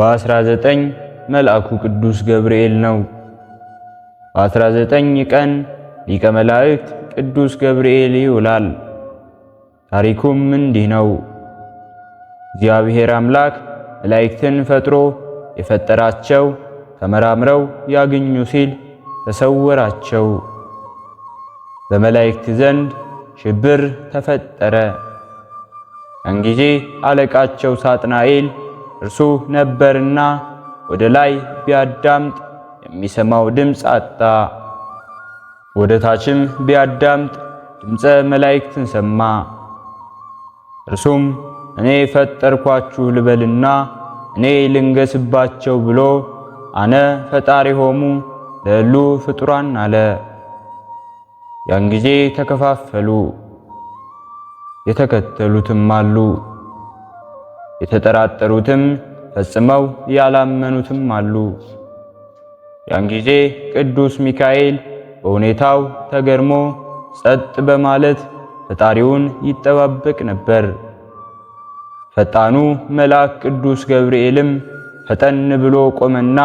በ19 መልአኩ ቅዱስ ገብርኤል ነው። በ19 ቀን ሊቀ መላእክት ቅዱስ ገብርኤል ይውላል። ታሪኩም እንዲህ ነው። እግዚአብሔር አምላክ መላእክትን ፈጥሮ የፈጠራቸው ተመራምረው ያገኙ ሲል ተሰወራቸው። በመላእክት ዘንድ ሽብር ተፈጠረ። ያን ጊዜ አለቃቸው ሳጥናኤል እርሱ ነበርና ወደ ላይ ቢያዳምጥ የሚሰማው ድምፅ አጣ። ወደ ታችም ቢያዳምጥ ድምፀ መላእክትን ሰማ። እርሱም እኔ ፈጠርኳችሁ ልበልና እኔ ልንገስባቸው ብሎ አነ ፈጣሪ ሆሙ ለሉ ፍጡራን አለ። ያን ጊዜ ተከፋፈሉ፣ የተከተሉትም አሉ። የተጠራጠሩትም ፈጽመው ያላመኑትም አሉ። ያን ጊዜ ቅዱስ ሚካኤል በሁኔታው ተገርሞ ጸጥ በማለት ፈጣሪውን ይጠባበቅ ነበር። ፈጣኑ መልአክ ቅዱስ ገብርኤልም ፈጠን ብሎ ቆመና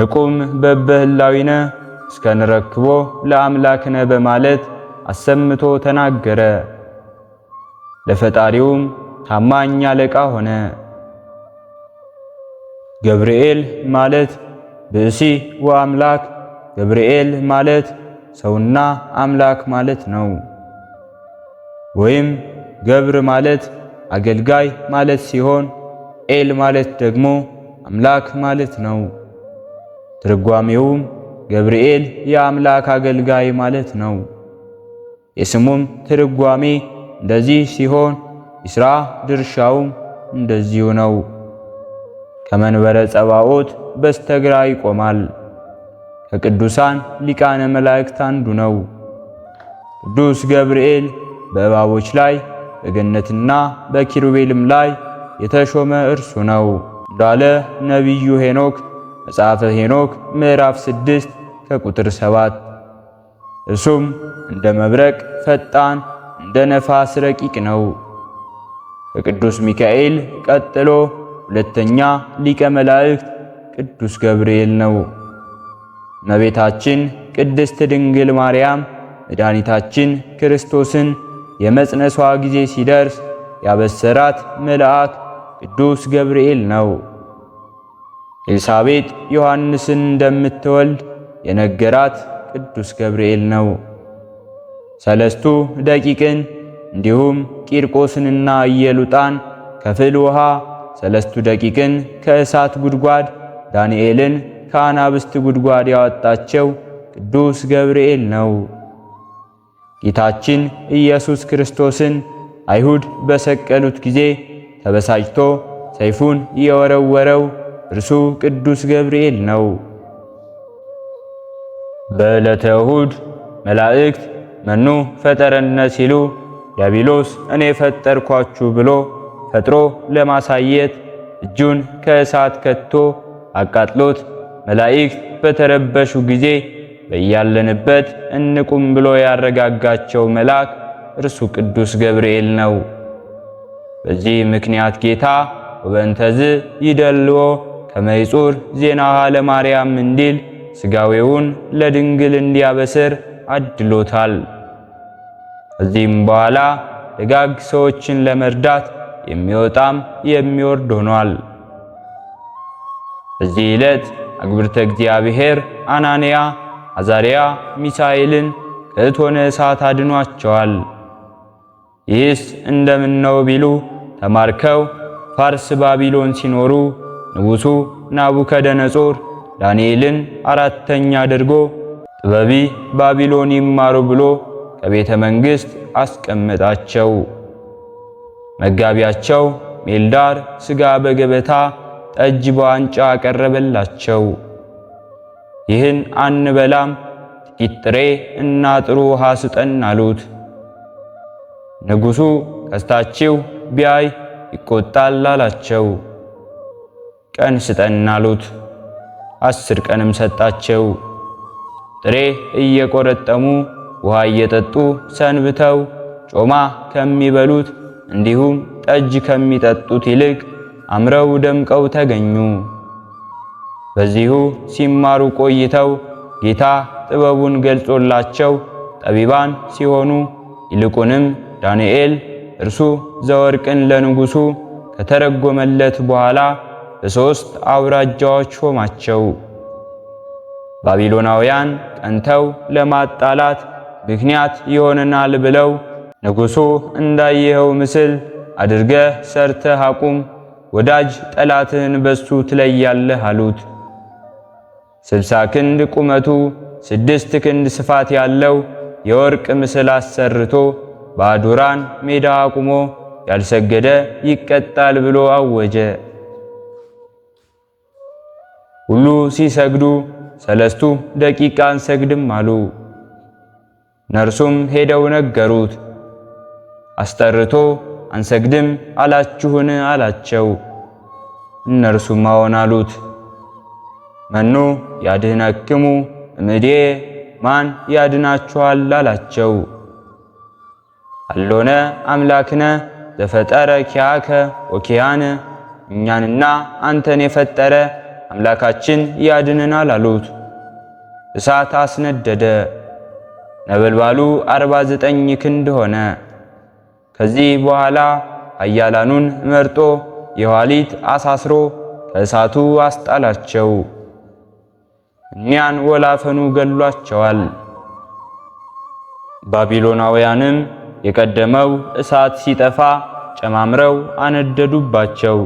ንቁም በበህላዊነ እስከንረክቦ ለአምላክ ለአምላክነ በማለት አሰምቶ ተናገረ። ለፈጣሪውም ታማኝ አለቃ ሆነ። ገብርኤል ማለት ብእሲ ወአምላክ ገብርኤል ማለት ሰውና አምላክ ማለት ነው። ወይም ገብር ማለት አገልጋይ ማለት ሲሆን ኤል ማለት ደግሞ አምላክ ማለት ነው። ትርጓሜውም ገብርኤል የአምላክ አገልጋይ ማለት ነው። የስሙም ትርጓሜ እንደዚህ ሲሆን የሥራ ድርሻውም እንደዚሁ ነው። ከመንበረ ጸባኦት በስተግራ ይቆማል። ከቅዱሳን ሊቃነ መላእክት አንዱ ነው። ቅዱስ ገብርኤል በእባቦች ላይ በገነትና በኪሩቤልም ላይ የተሾመ እርሱ ነው እንዳለ ነቢዩ ሄኖክ መጽሐፈ ሄኖክ ምዕራፍ ስድስት ከቁጥር ሰባት እርሱም እንደ መብረቅ ፈጣን እንደ ነፋስ ረቂቅ ነው። ከቅዱስ ሚካኤል ቀጥሎ ሁለተኛ ሊቀ መላእክት ቅዱስ ገብርኤል ነው። እመቤታችን ቅድስት ድንግል ማርያም መድኃኒታችን ክርስቶስን የመጽነሷ ጊዜ ሲደርስ ያበሰራት መልአክ ቅዱስ ገብርኤል ነው። ኤልሳቤጥ ዮሐንስን እንደምትወልድ የነገራት ቅዱስ ገብርኤል ነው። ሰለስቱ ደቂቅን እንዲሁም ቂርቆስንና ኢየሉጣን ከፍል ውሃ፣ ሰለስቱ ደቂቅን ከእሳት ጉድጓድ፣ ዳንኤልን ከአናብስት ጉድጓድ ያወጣቸው ቅዱስ ገብርኤል ነው። ጌታችን ኢየሱስ ክርስቶስን አይሁድ በሰቀሉት ጊዜ ተበሳጭቶ ሰይፉን የወረወረው እርሱ ቅዱስ ገብርኤል ነው። በዕለተ እሁድ መላእክት መኑ ፈጠረነ ሲሉ ዲያብሎስ እኔ ፈጠርኳችሁ ብሎ ፈጥሮ ለማሳየት እጁን ከእሳት ከቶ አቃጥሎት መላእክት በተረበሹ ጊዜ በያለንበት እንቁም ብሎ ያረጋጋቸው መልአክ እርሱ ቅዱስ ገብርኤል ነው። በዚህ ምክንያት ጌታ ወበንተዝ ይደልዎ ከመይጹር ዜናሃ ለማርያም እንዲል ሥጋዌውን ለድንግል እንዲያበስር አድሎታል። ከዚህም በኋላ ደጋግ ሰዎችን ለመርዳት የሚወጣም የሚወርድ ሆኗል። በዚህ ዕለት አግብርተ እግዚአብሔር አናንያ፣ አዛርያ ሚሳኤልን ከእቶነ እሳት አድኗቸዋል። ይህስ እንደምን ነው ቢሉ ተማርከው ፋርስ ባቢሎን ሲኖሩ ንጉሡ ናቡከደነጾር ዳንኤልን አራተኛ አድርጎ ጥበቢ ባቢሎን ይማሩ ብሎ ከቤተ መንግሥት አስቀመጣቸው። መጋቢያቸው ሜልዳር ሥጋ በገበታ ጠጅ በዋንጫ አቀረበላቸው። ይህን አንበላም፣ ጥቂት ጥሬ እና ጥሩ ውሃ ስጠን አሉት። ንጉሡ ከስታችሁ ቢያይ ይቆጣል አላቸው። ቀን ስጠን አሉት። አስር ቀንም ሰጣቸው። ጥሬ እየቆረጠሙ ውሃ እየጠጡ ሰንብተው ጮማ ከሚበሉት እንዲሁም ጠጅ ከሚጠጡት ይልቅ አምረው ደምቀው ተገኙ። በዚሁ ሲማሩ ቆይተው ጌታ ጥበቡን ገልጾላቸው ጠቢባን ሲሆኑ ይልቁንም ዳንኤል እርሱ ዘወርቅን ለንጉሡ ከተረጎመለት በኋላ በሦስት አውራጃዎች ሾማቸው። ባቢሎናውያን ቀንተው ለማጣላት ምክንያት ይሆንናል ብለው ንጉሡ እንዳየኸው ምስል አድርገህ ሰርተህ አቁም፣ ወዳጅ ጠላትህን በሱ ትለያለህ አሉት። ስልሳ ክንድ ቁመቱ ስድስት ክንድ ስፋት ያለው የወርቅ ምስል አሰርቶ በአዱራን ሜዳ አቁሞ ያልሰገደ ይቀጣል ብሎ አወጀ። ሁሉ ሲሰግዱ ሰለስቱ ደቂቃ አንሰግድም አሉ። እነርሱም ሄደው ነገሩት። አስጠርቶ አንሰግድም አላችሁን አላቸው። እነርሱም አዎን አሉት። መኑ ያድህነክሙ እምዴ ማን ያድናችኋል አላቸው። አሎነ አምላክነ ዘፈጠረ ኪያከ ወኪያነ እኛንና አንተን የፈጠረ አምላካችን ያድነናል አሉት። እሳት አስነደደ። ነበልባሉ አርባ ዘጠኝ ክንድ ሆነ። ከዚህ በኋላ አያላኑን መርጦ የኋሊት አሳስሮ ከእሳቱ አስጣላቸው። እኒያን ወላፈኑ ገሏቸዋል። ባቢሎናውያንም የቀደመው እሳት ሲጠፋ ጨማምረው አነደዱባቸው።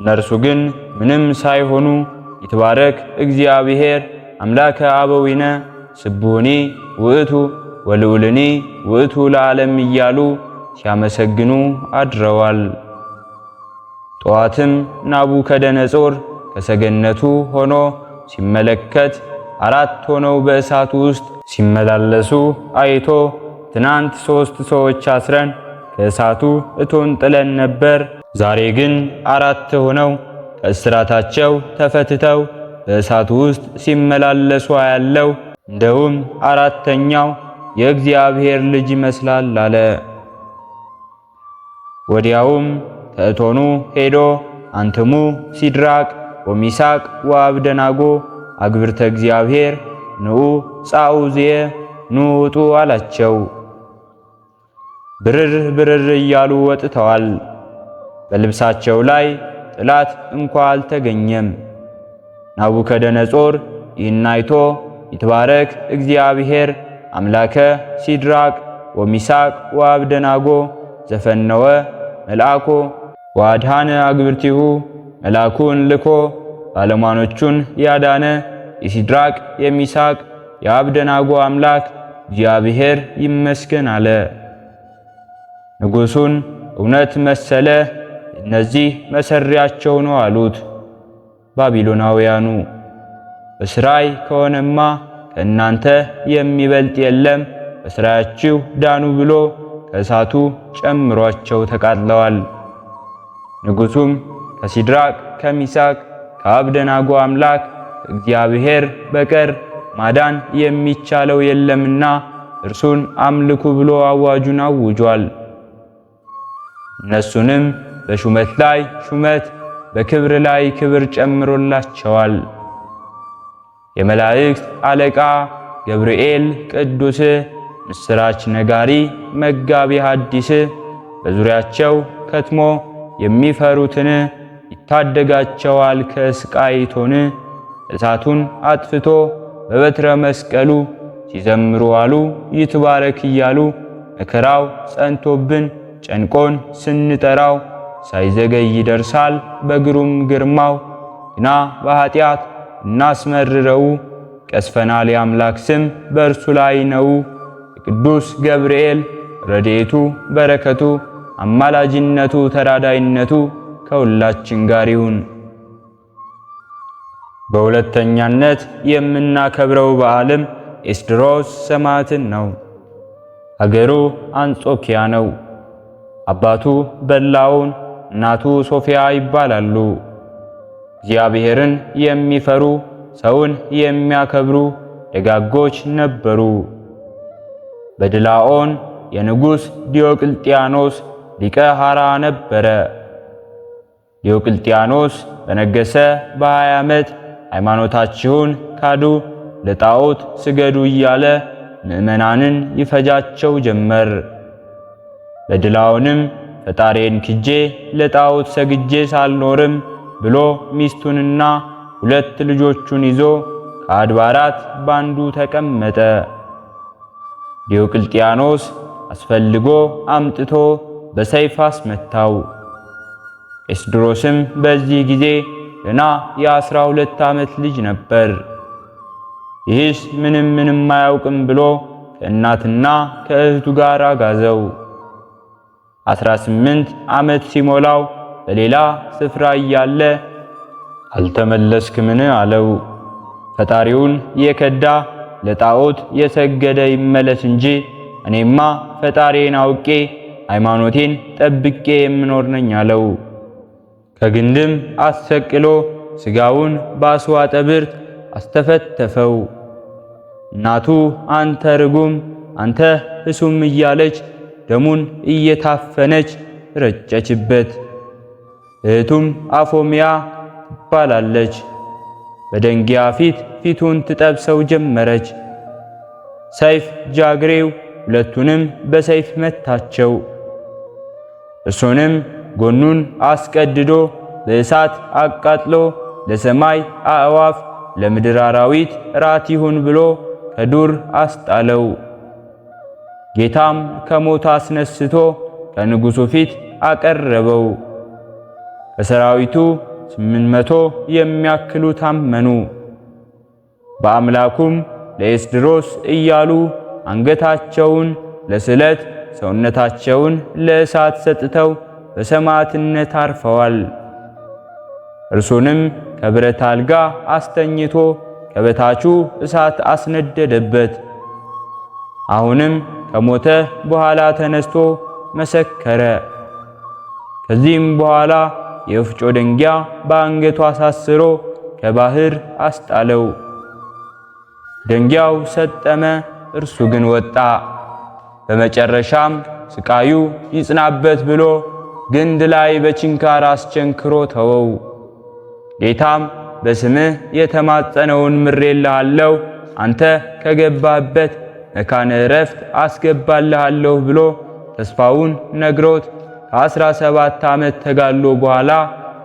እነርሱ ግን ምንም ሳይሆኑ ይትባረክ እግዚአብሔር አምላከ አበዊነ ስቡኒ ውእቱ ወልዑልኒ ውእቱ ለዓለም እያሉ ሲያመሰግኑ አድረዋል። ጠዋትም ናቡከደነጾር ከሰገነቱ ሆኖ ሲመለከት አራት ሆነው በእሳቱ ውስጥ ሲመላለሱ አይቶ ትናንት ሶስት ሰዎች አስረን ከእሳቱ እቶን ጥለን ነበር፣ ዛሬ ግን አራት ሆነው ከእስራታቸው ተፈትተው በእሳቱ ውስጥ ሲመላለሱ ያለው። እንደውም አራተኛው የእግዚአብሔር ልጅ ይመስላል አለ። ወዲያውም ከእቶኑ ሄዶ አንትሙ ሲድራቅ ወሚሳቅ ወአብደናጎ አግብርተ እግዚአብሔር ንዑ ጻኡዝየ ኑ ውጡ አላቸው። ብርር ብርር እያሉ ወጥተዋል። በልብሳቸው ላይ ጥላት እንኳ አልተገኘም። ናቡከደነጾር ይህን አይቶ ይትባረክ እግዚአብሔር አምላከ ሲድራቅ ወሚሳቅ ወአብደናጎ ዘፈነወ መልአኮ ወአድሃነ አግብርቲሁ መልአኩን ልኮ ባለሟኖቹን ያዳነ የሲድራቅ የሚሳቅ የአብደናጎ አምላክ እግዚአብሔር ይመስገን አለ። ንጉሡን እውነት መሰለ፣ እነዚህ መሰሪያቸው ነው አሉት ባቢሎናውያኑ። በስራይ ከሆነማ ከእናንተ የሚበልጥ የለም፣ በስራያችሁ ዳኑ ብሎ ከእሳቱ ጨምሯቸው ተቃጥለዋል። ንጉሱም ከሲድራቅ ከሚሳቅ ከአብደናጎ አምላክ እግዚአብሔር በቀር ማዳን የሚቻለው የለምና እርሱን አምልኩ ብሎ አዋጁን አውጇል። እነሱንም በሹመት ላይ ሹመት በክብር ላይ ክብር ጨምሮላቸዋል። የመላእክት አለቃ ገብርኤል ቅዱስ ምስራች ነጋሪ መጋቢ ሐዲስ በዙሪያቸው ከትሞ የሚፈሩትን ይታደጋቸዋል ከስቃይ ቶን እሳቱን አጥፍቶ በበትረ መስቀሉ ሲዘምሩ አሉ ይትባረክ እያሉ መከራው ጸንቶብን ጨንቆን ስንጠራው ሳይዘገይ ይደርሳል በግሩም ግርማው ግና በኃጢአት እናስመርረው ቀስፈናል የአምላክ ስም በእርሱ ላይ ነው። የቅዱስ ገብርኤል ረድኤቱ በረከቱ አማላጅነቱ ተራዳይነቱ ከሁላችን ጋር ይሁን። በሁለተኛነት የምናከብረው በዓልም ኤስድሮስ ሰማዕትን ነው። አገሩ አንጾኪያ ነው። አባቱ በላውን እናቱ ሶፊያ ይባላሉ። እግዚአብሔርን የሚፈሩ ሰውን የሚያከብሩ ደጋጎች ነበሩ። በድላኦን የንጉሥ ዲዮቅልጥያኖስ ሊቀ ሐራ ነበረ። ዲዮቅልጥያኖስ በነገሰ በሀያ ዓመት ሃይማኖታችሁን ካዱ፣ ለጣዖት ስገዱ እያለ ምዕመናንን ይፈጃቸው ጀመር። በድላኦንም ፈጣሪን ክጄ ለጣዖት ሰግጄ ሳልኖርም ብሎ ሚስቱንና ሁለት ልጆቹን ይዞ ከአድባራት ባንዱ ተቀመጠ። ዲዮቅልጥያኖስ አስፈልጎ አምጥቶ በሰይፍ አስመታው። ኤስድሮስም በዚህ ጊዜ ገና የአስራ ሁለት ዓመት ልጅ ነበር። ይህስ ምንም ምንም አያውቅም ብሎ ከእናትና ከእህቱ ጋር አጋዘው። አስራ ስምንት ዓመት ሲሞላው በሌላ ስፍራ እያለ አልተመለስክምን አለው። ፈጣሪውን የከዳ ለጣዖት የሰገደ ይመለስ እንጂ እኔማ ፈጣሪን አውቄ ሃይማኖቴን ጠብቄ የምኖር ነኝ አለው። ከግንድም አሰቅሎ ስጋውን ባስዋ ጠብርት አስተፈተፈው። እናቱ አንተ ርጉም፣ አንተ እሱም እያለች ደሙን እየታፈነች ረጨችበት። እህቱም አፎሚያ ትባላለች። በደንጊያ ፊት ፊቱን ትጠብሰው ጀመረች። ሰይፍ ጃግሬው ሁለቱንም በሰይፍ መታቸው። እሱንም ጎኑን አስቀድዶ በእሳት አቃጥሎ ለሰማይ አእዋፍ ለምድር አራዊት ራት ይሁን ብሎ ከዱር አስጣለው። ጌታም ከሞት አስነስቶ ከንጉሡ ፊት አቀረበው። በሰራዊቱ ስምንት መቶ የሚያክሉ ታመኑ። በአምላኩም ለኤስድሮስ እያሉ አንገታቸውን ለስለት ሰውነታቸውን ለእሳት ሰጥተው በሰማዕትነት አርፈዋል። እርሱንም ከብረት አልጋ አስተኝቶ ከበታቹ እሳት አስነደደበት። አሁንም ከሞተ በኋላ ተነስቶ መሰከረ። ከዚህም በኋላ የወፍጮ ደንጊያ በአንገቱ አሳስሮ ከባህር አስጣለው። ደንጊያው ሰጠመ፣ እርሱ ግን ወጣ። በመጨረሻም ስቃዩ ይጽናበት ብሎ ግንድ ላይ በችንካር አስቸንክሮ ተወው። ጌታም በስምህ የተማጸነውን ምሬልሃለሁ፣ አንተ ከገባበት መካነ እረፍት አስገባልሃለሁ ብሎ ተስፋውን ነግሮት ከአስራ ሰባት ዓመት ተጋድሎ በኋላ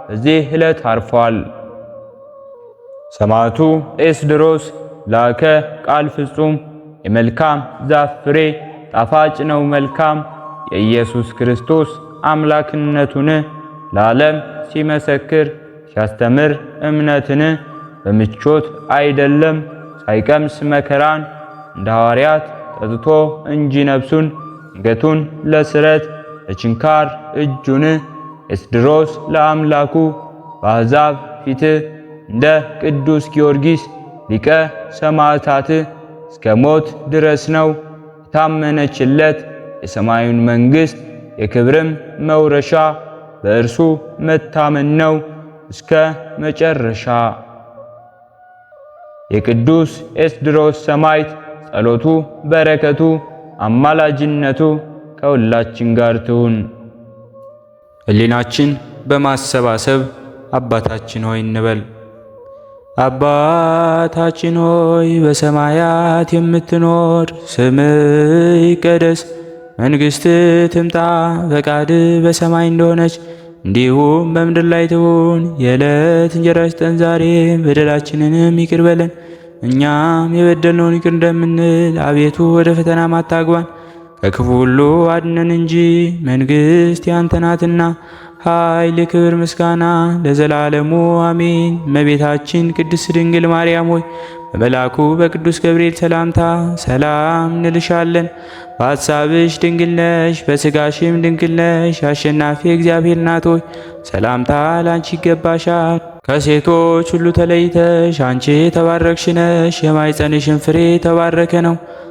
በዚህ ዕለት አርፏል። ሰማዕቱ ኤስድሮስ ላከ ቃል ፍጹም የመልካም ዛፍ ፍሬ ጣፋጭ ነው መልካም የኢየሱስ ክርስቶስ አምላክነቱን ለዓለም ሲመሰክር ሲያስተምር እምነትን በምቾት አይደለም ሳይቀምስ መከራን እንደ ሐዋርያት ጠጥቶ እንጂ ነፍሱን አንገቱን ለስረት በችንካር እጁን ኤስድሮስ ለአምላኩ በአሕዛብ ፊት እንደ ቅዱስ ጊዮርጊስ ሊቀ ሰማዕታት እስከ ሞት ድረስ ነው የታመነችለት የሰማዩን መንግሥት የክብርም መውረሻ በእርሱ መታመን ነው እስከ መጨረሻ። የቅዱስ ኤስድሮስ ሰማዕት ጸሎቱ፣ በረከቱ፣ አማላጅነቱ ከሁላችን ጋር ትሁን። ሕሊናችን በማሰባሰብ አባታችን ሆይ እንበል። አባታችን ሆይ በሰማያት የምትኖር፣ ስምህ ይቀደስ፣ መንግሥትህ ትምጣ፣ ፈቃድህ በሰማይ እንደሆነች እንዲሁም በምድር ላይ ትሁን። የዕለት እንጀራችንን ስጠን ዛሬ፣ በደላችንንም ይቅር በለን እኛም የበደልነውን ይቅር እንደምንል፣ አቤቱ ወደ ፈተና ማታግባን። ከክፉ ሁሉ አድነን እንጂ መንግስት ያንተ ናትና ኃይል፣ ክብር፣ ምስጋና ለዘላለሙ አሜን። እመቤታችን ቅድስት ድንግል ማርያም ሆይ በመልአኩ በቅዱስ ገብርኤል ሰላምታ ሰላም እንልሻለን። በሐሳብሽ ድንግል ነሽ፣ በሥጋሽም ድንግል ነሽ። አሸናፊ እግዚአብሔር ናት ሆይ ሰላምታ ላንቺ ይገባሻል። ከሴቶች ሁሉ ተለይተሽ አንቺ የተባረክሽ ነሽ፣ የማኅፀንሽን ፍሬ የተባረከ ነው።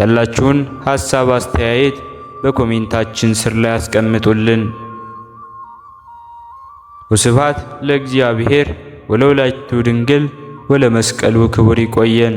ያላችሁን ሀሳብ አስተያየት በኮሜንታችን ስር ላይ አስቀምጡልን። ወስብሐት ለእግዚአብሔር ወለወላዲቱ ድንግል ወለመስቀሉ ክቡር። ይቆየን።